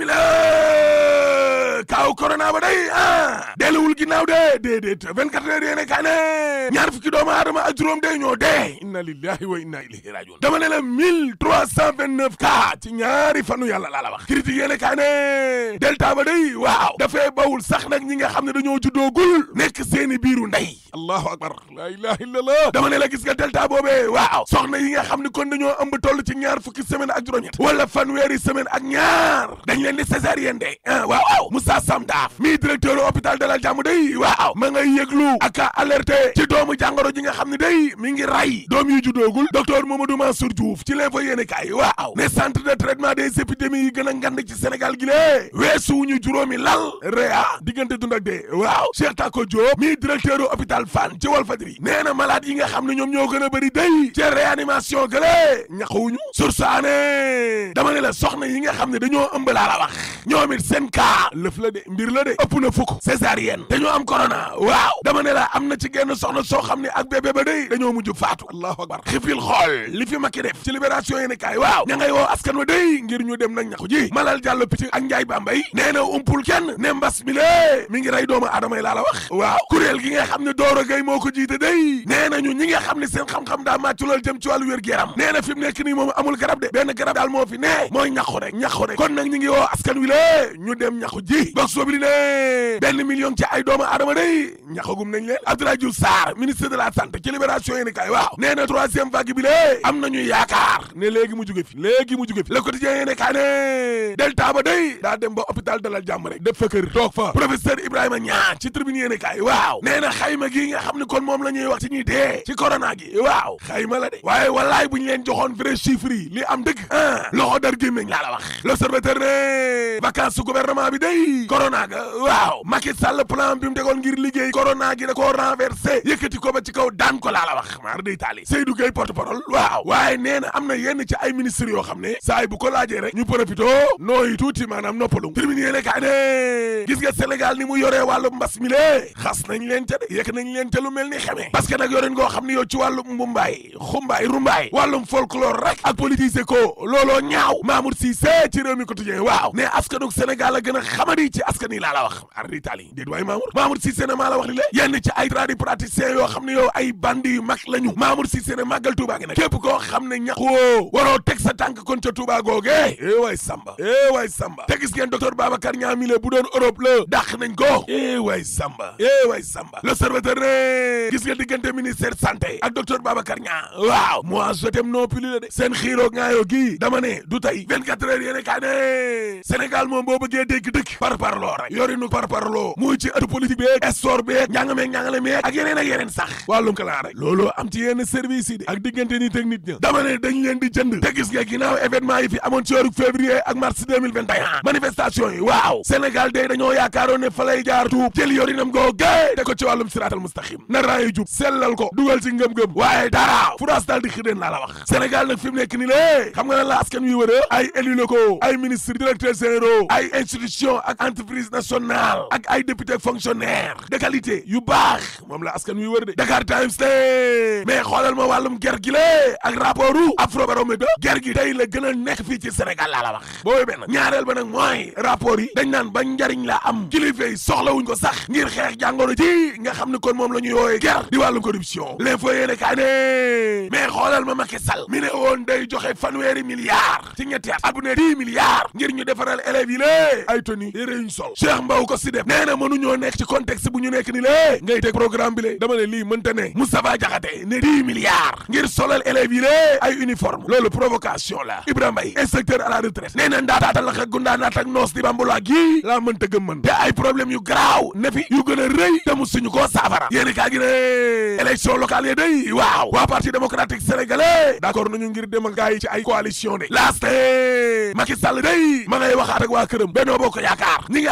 ไปเล waaw corona ba day ah delluwul ginnaaw de déedéet 24 heures yéene kaa ne ñaar fukki doomu aadama ak juróom de ñoo dee inna lillahi wa inna ilayhi rajiun dama ne la 1329 cas ci ñaari fanu yàlla laa la wax critique yéene kaa ne delta ba day waaw dafay bawul sax nag ñi nga xam ne dañoo juddoogul nekk seeni biiru ndey allahu akbar la ilaha illallah dama ne la gis nga delta boobee waaw soxna yi nga xam ne kon dañoo ëmb toll ci ñaar fukki semaine ak juróom-ñett wala fanweeri semaine ak ñaar dañ leen di césarienne de ah waaw waaw Moussa Sam yaram daaf mii directeur hôpital Dalal Jàmm day waaw ma ngay yëglu ak alerte alerté ci doomu jàngoro ji nga xam ne day mi ngi ray doom yu juddoogul docteur Mamadou Mansour Diouf ci l'info yéene kaay waaw ne centre de traitement des épidémies yi gën a ngand ci Sénégal gi lée weesuwuñu juróomi lal réa diggante dund ak dee waaw Cheikh Tako Diop mii directeur hôpital Fann ci fa nee na malade yi nga xam ne ñoom ñoo gën a bëri day ci réanimation gëlé ñaxawuñu sursaane dama ne la soxna yi nga xam ne dañoo ëmb laa la wax ñoom mbir la de ëpp na fukk césarienne dañoo am corona waaw dama ne la am na ci genn soxna soo xam ne ak bébé ba day dañoo mujj faatu allahu akbar xifil xool li fi Macky def ci libération yéen kaay waaw ña ngay askan wa day ngir ñu dem nag ñaxu ji malal jàllo picc ak njaay bambay nee na umpul kenn ne mbas mi lée mi ngi rey doomu aadama yi laa la wax waaw kuréel gi nga xam ne Doro Gueye moo ko jiite day nee nañu ñi nga xam ne seen xam-xam daa màcculal jëm ci wàllu wér yaram nee na fi mu nekk nii moom amul garab benn garab daal moo fi nee mooy ñaxu rek ñaxu rek kon nag ñi ngi woo askan wi lée ñu dem ñaxu ji Soble ne benn million ci ay doomu aadama day ñaxagum nañ leen Abdoulaye Diouf Sarr ministre de la santé ci libération yi ni kay waaw nee na troisième vague bi lée am nañu yaakaar ne léegi mu jóge fi léegi mu jóge fi le quotidien yi ne kaa ne delta ba day daa dem ba hôpital dalal jàmm rek def fa kër toog fa professeur Ibrahima Niang ci tribune yi ne waaw nee xayma gi nga xam ne kon moom la ñuy wax ci ñuy dee ci corona gi waaw xayma la de waaye wallaay bu ñu leen joxoon vrai chiffre yi li am dëgg ah loxo dar gémmeñ laa la wax l'observateur ne vacances su gouvernement bi corona ga waaw Macky Sall plan bi mu tegoon ngir liggéey corona gi da koo renversé yëkkati ko ba ci kaw daan ko laa la wax maar day taali Seydou Gueye porte parole waaw waaye nee na am na yenn ci ay ministres yoo xam ne saa bu ko laajee rek ñu profité nooyi tuuti maanaam noppalu terminé yéene kaay ne gis nga Sénégal ni mu yoree wàllu mbas mi xas nañ leen lu mel ni xamee parce nag yoreen ngoo xam ne yow ci wàllum mbumbaay xumbaay rumbaay wàllum folklore rek ak politiser a que nii laa la wax arritali déet waaye Mamour Mamour Cissé ne maa la wax li la yenn ci ay tradipraticiens yoo xam ne yow ay bandi yu la ñu Mamour Cissé ne màggal Touba gi nag xam ne ñaxoo waroo teg sa tànk kon ca Touba googee eh waay Samba eh waay Samba te gis ngeen docteur Babacar Niamile bu doon Europe la dàq nañ ko eh waay Samba eh waay Samba l'observateur ne gis nga diggante ministère santé ak docteur Babacar Niang waaw moi je t'aime non plus la de seen xiiroo ngaayoo gii dama ne du tey 24 heures yéene kaa ne Sénégal moom boo bëggee dégg par parlo parparloo rek yorinu parparloo muy ci ëtt politique beeg estor beeg njàng meeg njàngale meeg ak yeneen ak yeneen sax wàllum kalaa rek looloo am ci yenn service de ak diggante ni teg nit ña dañ leen di jënd te gis nga ginnaaw événement yi fi amoon ci weeru février ak mars 2021 manifestation yi waaw Sénégal jaar tuub jël yorinam goo gay te ko ci wàllum siraatal mustaqim na raa yi jub sellal ko dugal ci ngëm-ngëm waaye dara furaas daal di xideen laa wax Sénégal police nationale ak ay député fonctionnaire de qualité yu baax moom la askan wi wër de Dakar Times te mais xoolal ma wàllum ger gi lé ak rapportu Afrobaromètre ger gi tey la gën a nekk fii ci Sénégal laa la wax boobu benn ñaareel ba nag mooy rapport yi dañ naan ba njariñ la am kilifa yi soxlawuñ ko sax ngir xeex jàngoro ji nga xam ne kon moom la ñuy wooyee ger di wàllum corruption l'info yéene kaa ne mais xoolal ma Macky Sall mi ne woon day joxe fanweeri milliards waaw Cheikh Mbaw ko si def nee na mënuñoo nekk ci contexte bu ñu nekk ni lée ngay teg programme bi lée dama ne lii mënta ne Moustapha Diakhaté ne dix milliards ngir solal élèves yi lée ay uniforme loolu provocation la Ibrahima Mbaye inspecteur à la retraite nee na ndaataatal ak gundaa naat ak noos di bambulaa gii laa mënta gëm mën te ay problème yu garaaw ne fi yu gën a rëy te mu suñu koo saafara yéeni kaa gi ne élection locale ya day waaw waa parti démocratique sénégalais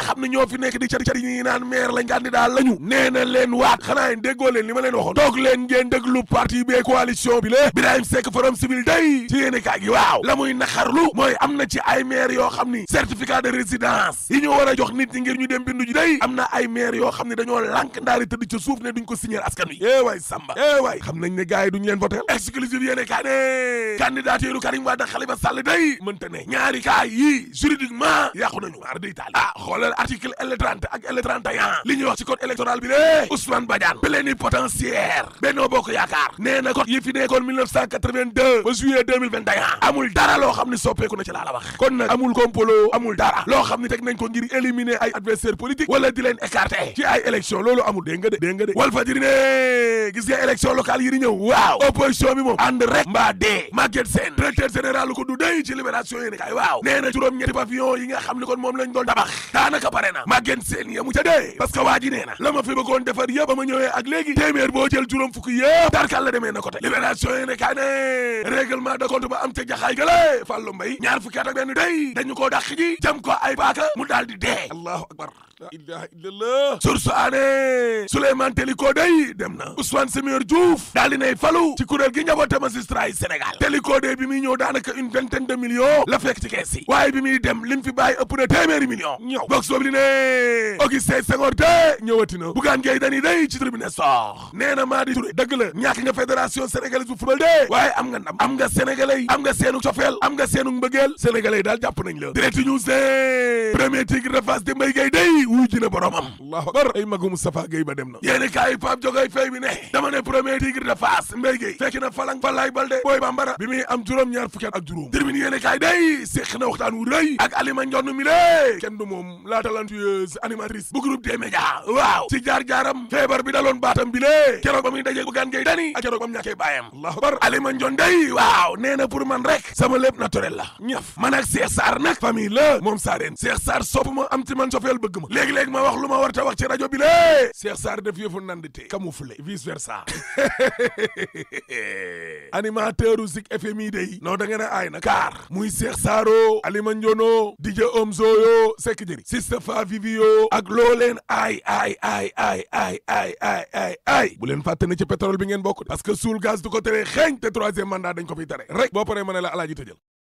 xam ne ñoo fi nekk di cari cari ñi naan maire lañ candidat lañu nee na leen waat xanaa déggoo leen li ma leen waxoon toog leen ngeen déglu parti bi coalition bi la Birahim Seck Forum Civil day ci yéene kaa waaw la muy naxarlu mooy am na ci ay maire yoo xam ni certificat de résidence yi ñu war a jox nit ñi ngir ñu dem bindu ji day am na ay maire yoo xam ne dañoo lànk ndaari tëdd ca suuf ne duñ ko signer askan wi ee eh waay Samba ee eh waay xam nañu maar contraire article li ñuy wax ci code électoral bi de Ousmane Badiane pléni potentiaire Benno Bokk Yaakaar yi fi nekkoon 1982 ba amul dara loo xam ne soppeeku na ci laa la wax kon nag amul complot amul dara loo xam ne teg nañ ko ngir éliminer ay adversaire politique wala di leen écarter ci ay élection loolu amul dégg de dégg de Walf Fadjri ne gis nga élection locale yi di ñëw waaw opposition bi rek mbaa dee Maguette Sène directeur général ko du dey ci libération daanaka pare na màggeen seen yamu ca dee parce que waa ji nee na la ma fi bëggoon defar yëpp ba ma ñëwee ak léegi téeméer boo jël juróom fukk yëpp darkal la demee na ko tey libération yi ne kaa ne règlement de ba am ca jaxaay gale fàllu mbay ñaar fukki at benn day dañu koo dàq jam ko ay baaka mu daal di dee allahu akbar la ilaha illallah day dem na Ousmane Sémior Diouf daal di nay falu ci kuréel gi njaboote magistrat yi Sénégal Teliko day bi mu ñëw daanaka une vingtaine de millions dem lim fi bàyyi ëpp Vox Populi ne Augustin Senghor de ñëwati na Bougane Gueye Dany day ci tribune sox nee na Madi Touré dëgg la nga fédération sénégalaise bu football de waaye am nga ndam am nga sénégalais am nga seenu cofeel am nga seenu daal jàpp la direct news ne premier tigre de Fass Demba day wuy ji na boromam allahu ay magu Moustapha Gueye ba dem na yéeni kas yi Pape Jogoy Faye ne dama premier tigre de Fass Mbaye Gueye fekk na falang falaay balde la talentueuse animatrice bu groupe des médias waaw ci jaar-jaaram feebar bi daloon baatam bi lée keroog ba muy dajee bu gaan ngay dani ak keroog ba mu ñàkkee bàyyam allahu akbar alima ndion day waaw nee na pour man rek sama lépp naturel la ñaf man ak Cheikh Sarr nag famille la moom saareen Cheikh Sarr sopp ma am ci man sofeel bëgg ma léegi-léegi ma wax lu ma war ta wax ci rajo bi lée Cheikh Sarr def yëfu nandite camouflé vice versa animateur u Zik FM yi day noo da ngeen a aay na kaar muy Cheikh Moustapha Vivio ak loo leen ay ay ay ay ay ay ay ay ay bu leen fàtte ne ci pétrole bi ngeen suul gaz du ko xeeñ te troisième mandat dañ ko rek boo paree ma ne la alaaji tëjal